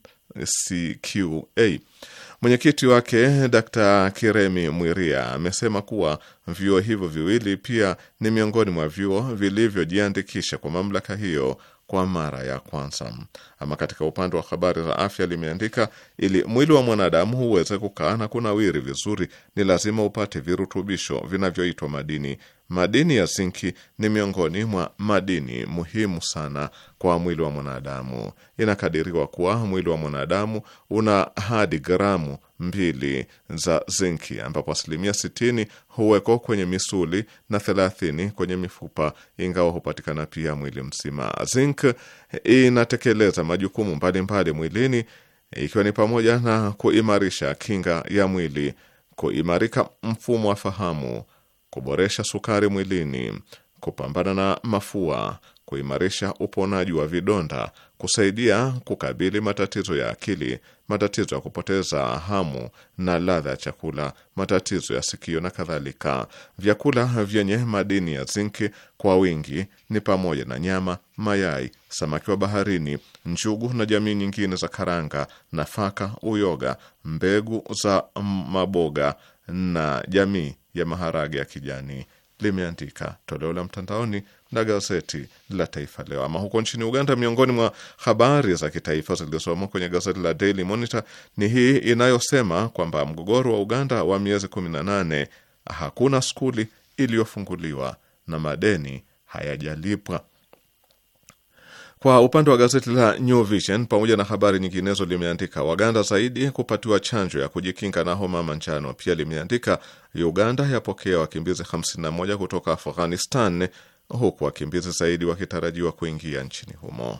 Mwenyekiti wake Dr. Kiremi Mwiria amesema kuwa vyuo hivyo viwili pia ni miongoni mwa vyuo vilivyojiandikisha kwa mamlaka hiyo kwa mara ya kwanza. Ama katika upande wa habari za afya limeandika, ili mwili wa mwanadamu huweze kukaa na kunawiri vizuri, ni lazima upate virutubisho vinavyoitwa madini Madini ya zinki ni miongoni mwa madini muhimu sana kwa mwili wa mwanadamu. Inakadiriwa kuwa mwili wa mwanadamu una hadi gramu mbili za zinki, ambapo asilimia sitini huwekwa kwenye misuli na thelathini kwenye mifupa, ingawa hupatikana pia mwili mzima. Zink inatekeleza majukumu mbalimbali mwilini, ikiwa ni pamoja na kuimarisha kinga ya mwili, kuimarika mfumo wa fahamu kuboresha sukari mwilini, kupambana na mafua, kuimarisha uponaji wa vidonda, kusaidia kukabili matatizo ya akili, matatizo ya kupoteza hamu na ladha ya chakula, matatizo ya sikio na kadhalika. Vyakula vyenye madini ya zinki kwa wingi ni pamoja na nyama, mayai, samaki wa baharini, njugu na jamii nyingine za karanga, nafaka, uyoga, mbegu za maboga na jamii ya maharage ya kijani, limeandika toleo la mtandaoni na gazeti la Taifa Leo. Ama huko nchini Uganda, miongoni mwa habari za kitaifa zilizosomwa kwenye gazeti la Daily Monitor ni hii inayosema kwamba mgogoro wa Uganda wa miezi 18, hakuna skuli iliyofunguliwa na madeni hayajalipwa. Kwa upande wa gazeti la New Vision, pamoja na habari nyinginezo, limeandika Waganda zaidi kupatiwa chanjo ya kujikinga na homa manjano. Pia limeandika Uganda yapokea wakimbizi 51 kutoka Afghanistan, huku wakimbizi zaidi wakitarajiwa kuingia nchini humo.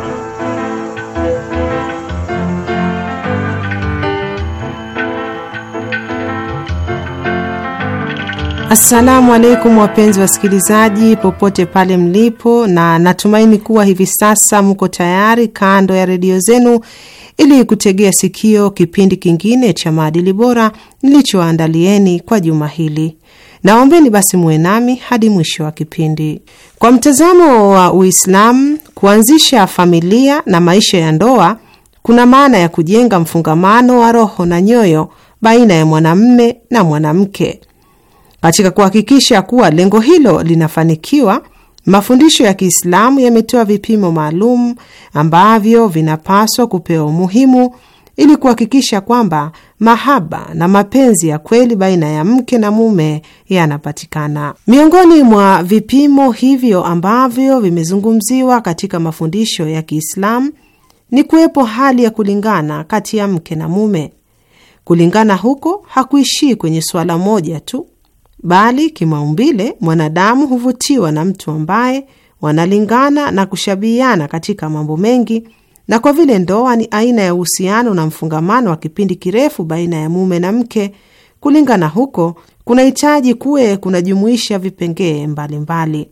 Assalamu alaikum wapenzi wasikilizaji, popote pale mlipo, na natumaini kuwa hivi sasa mko tayari kando ya redio zenu ili kutegea sikio kipindi kingine cha maadili bora nilichoandalieni kwa juma hili. Naombeni basi muwe nami hadi mwisho wa kipindi. Kwa mtazamo wa Uislamu, kuanzisha familia na maisha ya ndoa kuna maana ya kujenga mfungamano wa roho na nyoyo baina ya mwanamme na mwanamke katika kuhakikisha kuwa lengo hilo linafanikiwa, mafundisho ya Kiislamu yametoa vipimo maalum ambavyo vinapaswa kupewa umuhimu ili kuhakikisha kwamba mahaba na mapenzi ya kweli baina ya mke na mume yanapatikana. Miongoni mwa vipimo hivyo ambavyo vimezungumziwa katika mafundisho ya Kiislamu ni kuwepo hali ya kulingana kati ya mke na mume. Kulingana huko hakuishii kwenye suala moja tu, bali kimaumbile mwanadamu huvutiwa na mtu ambaye wanalingana na kushabihiana katika mambo mengi, na kwa vile ndoa ni aina ya uhusiano na mfungamano wa kipindi kirefu baina ya mume na mke, kulingana huko kunahitaji kuwe kunajumuisha vipengee mbalimbali.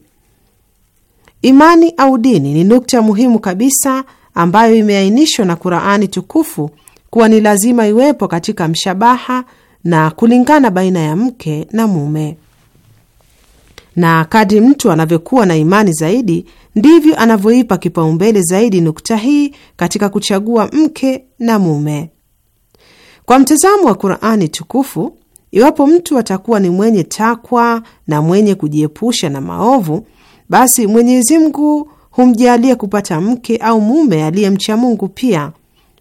Imani au dini ni nukta muhimu kabisa ambayo imeainishwa na Qur'ani tukufu kuwa ni lazima iwepo katika mshabaha na kulingana baina ya mke na mume. Na kadri mtu anavyokuwa na imani zaidi, ndivyo anavyoipa kipaumbele zaidi nukta hii katika kuchagua mke na mume. Kwa mtazamo wa Qur'ani tukufu, iwapo mtu atakuwa ni mwenye takwa na mwenye kujiepusha na maovu, basi Mwenyezi Mungu humjalia kupata mke au mume aliyemcha Mungu pia.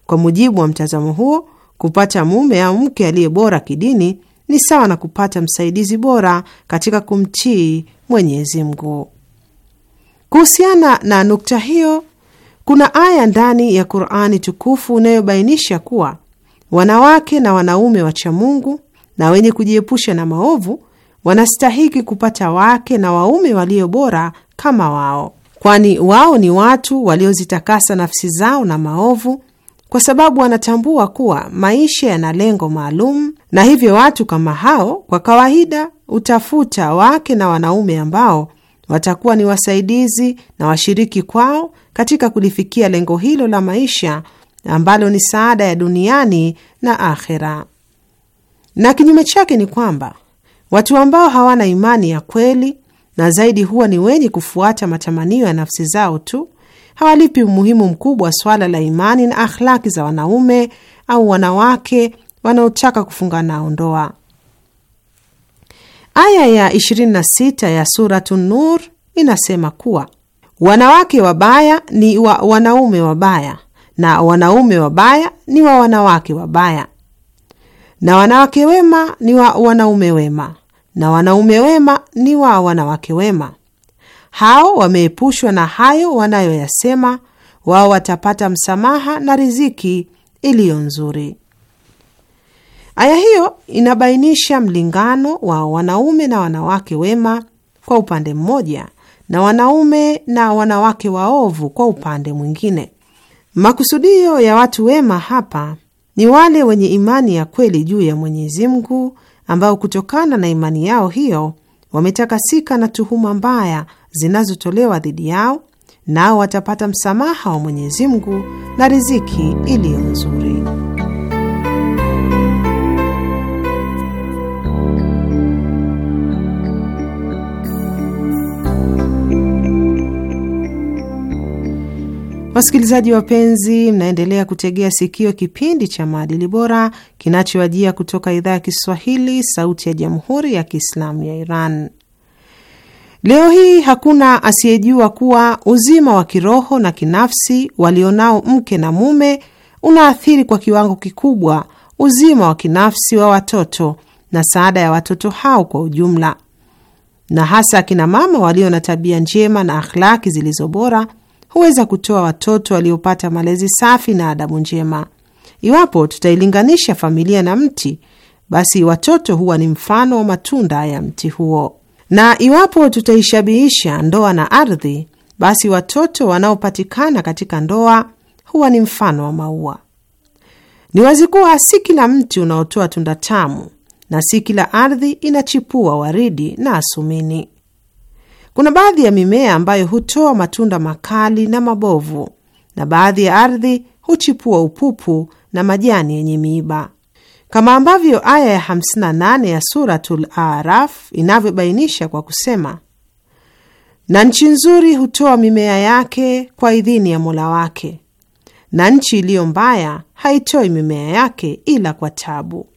Kwa mujibu wa mtazamo huo Kupata mume au mke aliye bora kidini ni sawa na kupata msaidizi bora katika kumtii Mwenyezi Mungu. Kuhusiana na nukta hiyo, kuna aya ndani ya Qur'ani tukufu inayobainisha kuwa wanawake na wanaume wacha Mungu na wenye kujiepusha na maovu wanastahiki kupata wake na waume walio bora kama wao, kwani wao ni watu waliozitakasa nafsi zao na maovu kwa sababu wanatambua kuwa maisha yana lengo maalum, na hivyo watu kama hao kwa kawaida utafuta wake na wanaume ambao watakuwa ni wasaidizi na washiriki kwao katika kulifikia lengo hilo la maisha ambalo ni saada ya duniani na akhera. Na kinyume chake ni kwamba watu ambao hawana imani ya kweli na zaidi huwa ni wenye kufuata matamanio ya nafsi zao tu hawalipi umuhimu mkubwa swala la imani na akhlaki za wanaume au wanawake wanaotaka kufunga nao ndoa. Aya ya 26 ya Suratu Nur inasema kuwa wanawake wabaya ni wa wanaume wabaya na wanaume wabaya ni wa wanawake wabaya, na wanawake wema ni wa wanaume wema na wanaume wema ni wa wanawake wema. Hao wameepushwa na hayo wanayoyasema, wao watapata msamaha na riziki iliyo nzuri. Aya hiyo inabainisha mlingano wa wanaume na wanawake wema kwa upande mmoja na wanaume na wanawake waovu kwa upande mwingine. Makusudio ya watu wema hapa ni wale wenye imani ya kweli juu ya Mwenyezi Mungu, ambao kutokana na imani yao hiyo wametakasika na tuhuma mbaya zinazotolewa dhidi yao, nao watapata msamaha wa Mwenyezi Mungu na riziki iliyo nzuri. Wasikilizaji wapenzi, mnaendelea kutegea sikio kipindi cha maadili bora kinachoajia kutoka idhaa ya Kiswahili, Sauti ya Jamhuri ya Kiislamu ya Iran. Leo hii hakuna asiyejua kuwa uzima wa kiroho na kinafsi walionao mke na mume unaathiri kwa kiwango kikubwa uzima wa kinafsi wa watoto na saada ya watoto hao kwa ujumla, na hasa akina mama walio na tabia njema na akhlaki zilizo bora huweza kutoa watoto waliopata malezi safi na adabu njema. Iwapo tutailinganisha familia na mti, basi watoto huwa ni mfano wa matunda ya mti huo na iwapo tutaishabihisha ndoa na ardhi, basi watoto wanaopatikana katika ndoa huwa ni mfano wa maua. Ni wazi kuwa si kila mti unaotoa tunda tamu na si kila ardhi inachipua waridi na asumini. Kuna baadhi ya mimea ambayo hutoa matunda makali na mabovu, na baadhi ya ardhi huchipua upupu na majani yenye miiba kama ambavyo aya ya 58 ya Suratul Araf inavyobainisha kwa kusema, na nchi nzuri hutoa mimea yake kwa idhini ya Mola wake, na nchi iliyo mbaya haitoi mimea yake ila kwa tabu.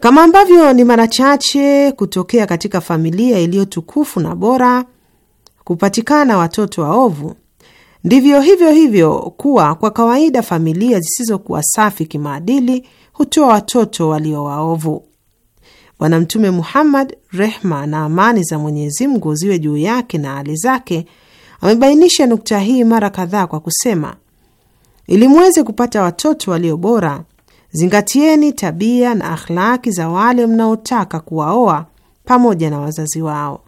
Kama ambavyo ni mara chache kutokea katika familia iliyo tukufu na bora kupatikana watoto waovu, ndivyo hivyo hivyo kuwa kwa kawaida familia zisizokuwa safi kimaadili hutoa watoto walio waovu. Bwana Mtume Muhammad, rehma na amani za Mwenyezi Mungu ziwe juu yake na hali zake, amebainisha nukta hii mara kadhaa kwa kusema, ili mweze kupata watoto walio bora, zingatieni tabia na akhlaki za wale mnaotaka kuwaoa pamoja na wazazi wao.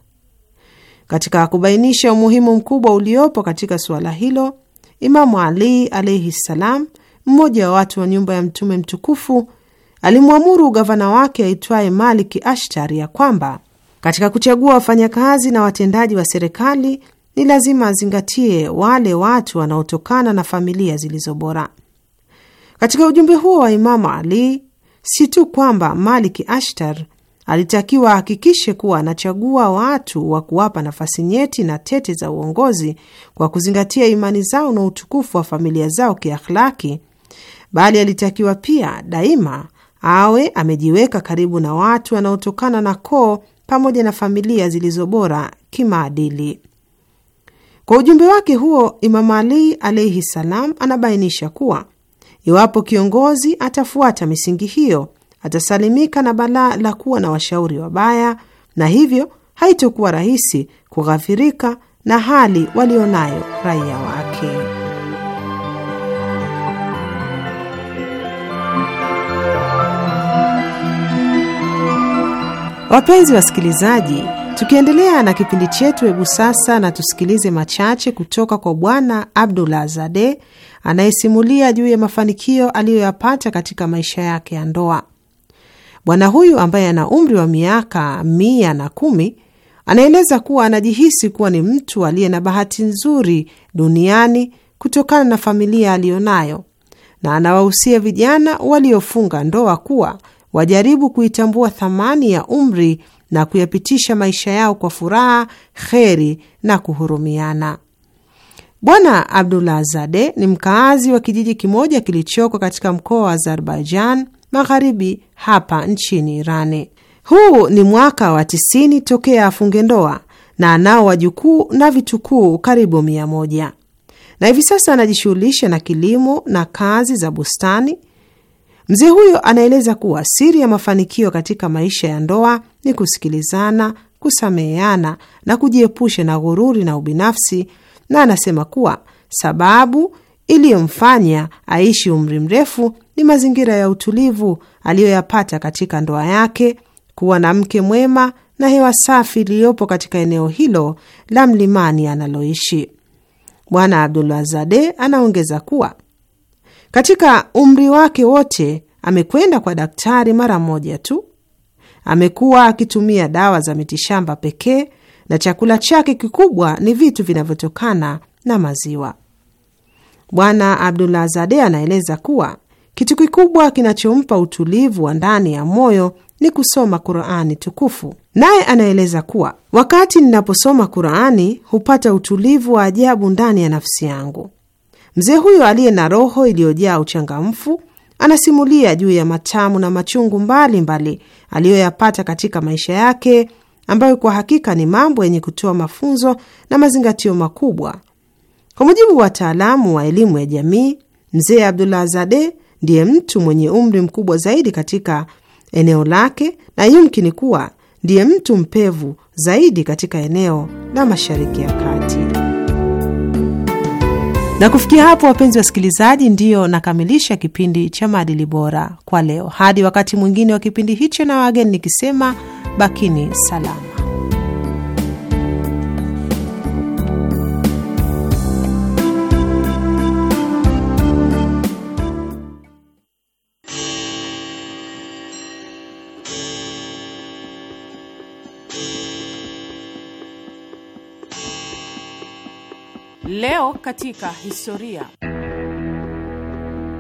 Katika kubainisha umuhimu mkubwa uliopo katika suala hilo, Imamu Ali alaihi ssalam mmoja wa watu wa nyumba ya Mtume mtukufu alimwamuru gavana wake aitwaye Malik Ashtari ya kwamba katika kuchagua wafanyakazi na watendaji wa serikali ni lazima azingatie wale watu wanaotokana na familia zilizo bora. Katika ujumbe huo wa Imamu Ali, si tu kwamba Malik Ashtar alitakiwa ahakikishe kuwa anachagua watu wa kuwapa nafasi nyeti na tete za uongozi kwa kuzingatia imani zao na utukufu wa familia zao kiakhlaki, bali alitakiwa pia daima awe amejiweka karibu na watu wanaotokana na koo pamoja na familia zilizobora kimaadili. Kwa ujumbe wake huo, Imamu Ali alaihi salam anabainisha kuwa iwapo kiongozi atafuata misingi hiyo atasalimika na balaa la kuwa na washauri wabaya, na hivyo haitokuwa rahisi kughafirika na hali walionayo raia wake. Wapenzi wasikilizaji, tukiendelea na kipindi chetu, hebu sasa na tusikilize machache kutoka kwa Bwana Abdullah Zade anayesimulia juu ya mafanikio aliyoyapata katika maisha yake ya ndoa. Bwana huyu ambaye ana umri wa miaka mia na kumi anaeleza kuwa anajihisi kuwa ni mtu aliye na bahati nzuri duniani kutokana na familia aliyonayo, na anawahusia vijana waliofunga ndoa kuwa wajaribu kuitambua thamani ya umri na kuyapitisha maisha yao kwa furaha, kheri na kuhurumiana. Bwana Abdullah Zade ni mkaazi wa kijiji kimoja kilichoko katika mkoa wa Azerbaijan Magharibi hapa nchini Irani. Huu ni mwaka wa tisini tokea afunge ndoa na anao wajukuu na vitukuu karibu mia moja na hivi sasa anajishughulisha na kilimo na kazi za bustani Mzee huyo anaeleza kuwa siri ya mafanikio katika maisha ya ndoa ni kusikilizana, kusameheana na kujiepusha na ghururi na ubinafsi, na anasema kuwa sababu iliyomfanya aishi umri mrefu ni mazingira ya utulivu aliyoyapata katika ndoa yake, kuwa na mke mwema na hewa safi iliyopo katika eneo hilo la mlimani analoishi. Bwana abdulazade anaongeza kuwa katika umri wake wote amekwenda kwa daktari mara moja tu. Amekuwa akitumia dawa za mitishamba pekee na chakula chake kikubwa ni vitu vinavyotokana na maziwa. Bwana Abdullah Zade anaeleza kuwa kitu kikubwa kinachompa utulivu wa ndani ya moyo ni kusoma Qurani tukufu. Naye anaeleza kuwa wakati ninaposoma Qurani hupata utulivu wa ajabu ndani ya nafsi yangu. Mzee huyo aliye na roho iliyojaa uchangamfu anasimulia juu ya matamu na machungu mbalimbali aliyoyapata katika maisha yake ambayo kwa hakika ni mambo yenye kutoa mafunzo na mazingatio makubwa. Kwa mujibu wa wataalamu wa elimu ya jamii, mzee Abdullah Zade ndiye mtu mwenye umri mkubwa zaidi katika eneo lake na yumkini kuwa ndiye mtu mpevu zaidi katika eneo la Mashariki ya Kati. Na kufikia hapo, wapenzi wasikilizaji, ndiyo nakamilisha kipindi cha maadili bora kwa leo. Hadi wakati mwingine wa kipindi hicho, na wageni nikisema bakini salama. Leo katika historia.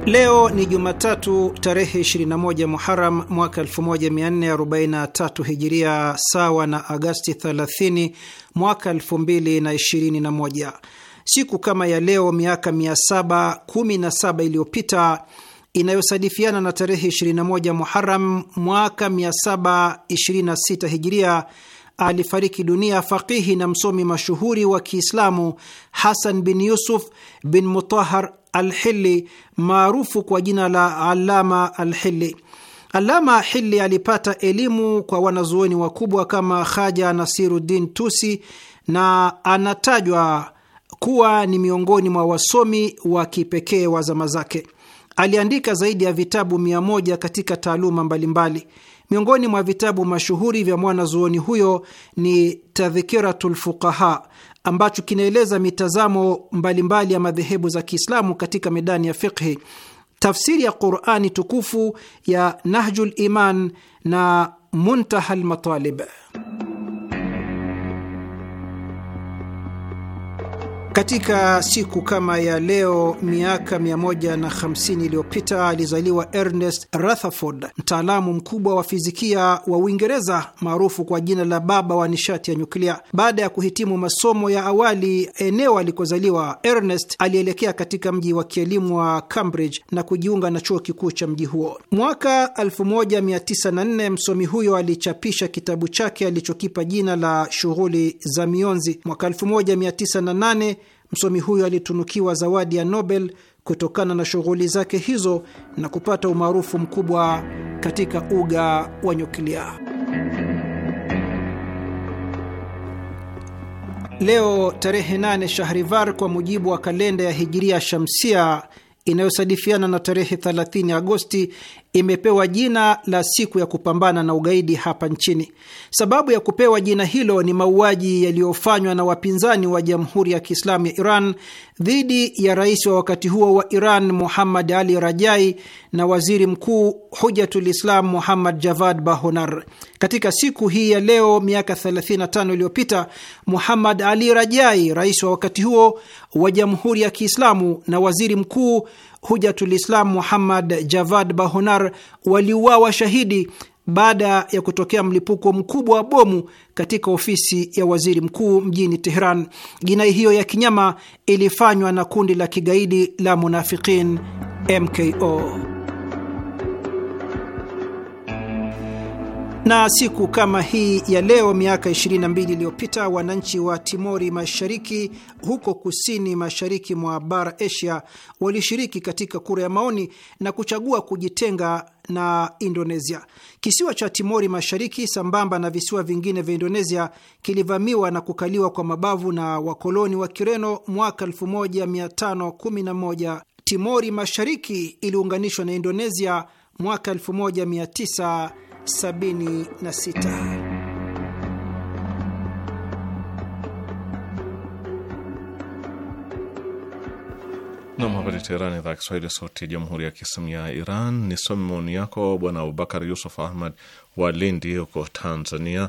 Leo ni Jumatatu tarehe 21 Muharam mwaka 1443 Hijiria, sawa na Agasti 30 mwaka 2021. Siku kama ya leo miaka 717 iliyopita inayosadifiana na tarehe 21 Muharam mwaka 726 Hijiria, alifariki dunia faqihi na msomi mashuhuri wa Kiislamu Hasan bin Yusuf bin Mutahar Alhili, maarufu kwa jina la Alama Alhili. Alama Hili alipata elimu kwa wanazuoni wakubwa kama Haja Nasiruddin Tusi na anatajwa kuwa ni miongoni mwa wasomi wa kipekee wa zama zake. Aliandika zaidi ya vitabu mia moja katika taaluma mbalimbali mbali. Miongoni mwa vitabu mashuhuri vya mwanazuoni huyo ni Tadhkiratul Fuqaha ambacho kinaeleza mitazamo mbalimbali mbali ya madhehebu za Kiislamu katika medani ya fiqhi, tafsiri ya Qurani tukufu ya Nahjul Iman na Muntaha Almatalib. Katika siku kama ya leo miaka 150 iliyopita alizaliwa Ernest Rutherford, mtaalamu mkubwa wa fizikia wa Uingereza maarufu kwa jina la baba wa nishati ya nyuklia. Baada ya kuhitimu masomo ya awali eneo alikozaliwa, Ernest alielekea katika mji wa kielimu wa Cambridge na kujiunga na chuo kikuu cha mji huo. Mwaka 1904 msomi huyo alichapisha kitabu chake alichokipa jina la Shughuli za Mionzi. Mwaka 1908 Msomi huyo alitunukiwa zawadi ya Nobel kutokana na shughuli zake hizo na kupata umaarufu mkubwa katika uga wa nyuklia. Leo tarehe 8 Shahrivar kwa mujibu wa kalenda ya Hijiria Shamsia inayosadifiana na tarehe 30 Agosti imepewa jina la siku ya kupambana na ugaidi hapa nchini. Sababu ya kupewa jina hilo ni mauaji yaliyofanywa na wapinzani wa Jamhuri ya Kiislamu ya Iran dhidi ya rais wa wakati huo wa Iran Muhammad Ali Rajai na waziri mkuu Hujatul Islam Muhammad Javad Bahonar. Katika siku hii ya leo miaka 35 iliyopita, Muhammad Ali Rajai, rais wa wakati huo wa Jamhuri ya Kiislamu na waziri mkuu Hujatulislam Muhammad Javad Bahonar waliuawa shahidi baada ya kutokea mlipuko mkubwa wa bomu katika ofisi ya waziri mkuu mjini Tehran. Jinai hiyo ya kinyama ilifanywa na kundi la kigaidi la Munafikin MKO. Na siku kama hii ya leo miaka 22 iliyopita wananchi wa Timori Mashariki huko kusini mashariki mwa bara Asia walishiriki katika kura ya maoni na kuchagua kujitenga na Indonesia. Kisiwa cha Timori Mashariki sambamba na visiwa vingine vya Indonesia kilivamiwa na kukaliwa kwa mabavu na wakoloni wa Kireno mwaka 1511. Timori Mashariki iliunganishwa na Indonesia mwaka 19 76. Nam, hapa ni Teherani, idhaa ya Kiswahili, sauti ya jamhuri ya kiislamu ya Iran. Nisome maoni yako bwana Abubakar Yusuf Ahmad wa Lindi huko Tanzania.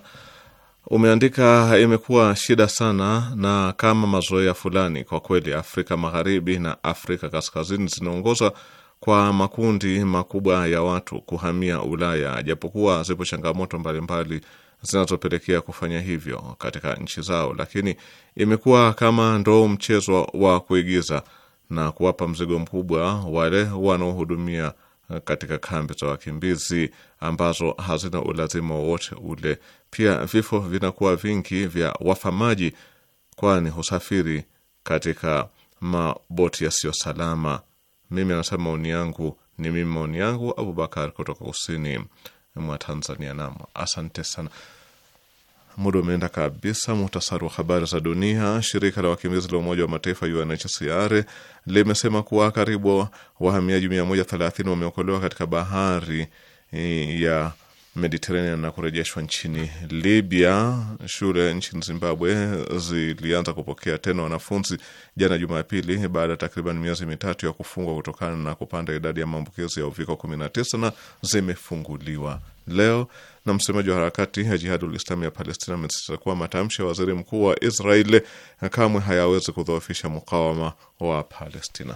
Umeandika, imekuwa shida sana na kama mazoea fulani kwa kweli. Afrika Magharibi na Afrika Kaskazini zinaongoza kwa makundi makubwa ya watu kuhamia Ulaya, japokuwa zipo changamoto mbalimbali zinazopelekea kufanya hivyo katika nchi zao, lakini imekuwa kama ndo mchezo wa kuigiza na kuwapa mzigo mkubwa wale wanaohudumia katika kambi za wakimbizi ambazo hazina ulazima wowote ule. Pia vifo vinakuwa vingi vya wafamaji, kwani husafiri katika maboti yasiyo salama mimi anasema maoni yangu ni mimi, maoni yangu Abubakar kutoka kusini mwa Tanzania. Nam, asante sana. Muda umeenda kabisa. Muhtasari wa habari za dunia. Shirika la wakimbizi la Umoja wa Mataifa UNHCR limesema kuwa karibu wahamiaji 130 wameokolewa katika bahari eh, ya Mediterranean na kurejeshwa nchini Libya. Shule nchini Zimbabwe zilianza kupokea tena wanafunzi jana Jumapili baada ya takriban miezi mitatu ya kufungwa kutokana na kupanda idadi ya maambukizi ya uviko 19 na zimefunguliwa leo. Na msemaji wa harakati ya Jihadul Islami ya Palestina amesisitiza kuwa matamshi ya waziri mkuu wa Israeli kamwe hayawezi kudhoofisha mukawama wa Palestina.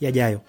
yajayo.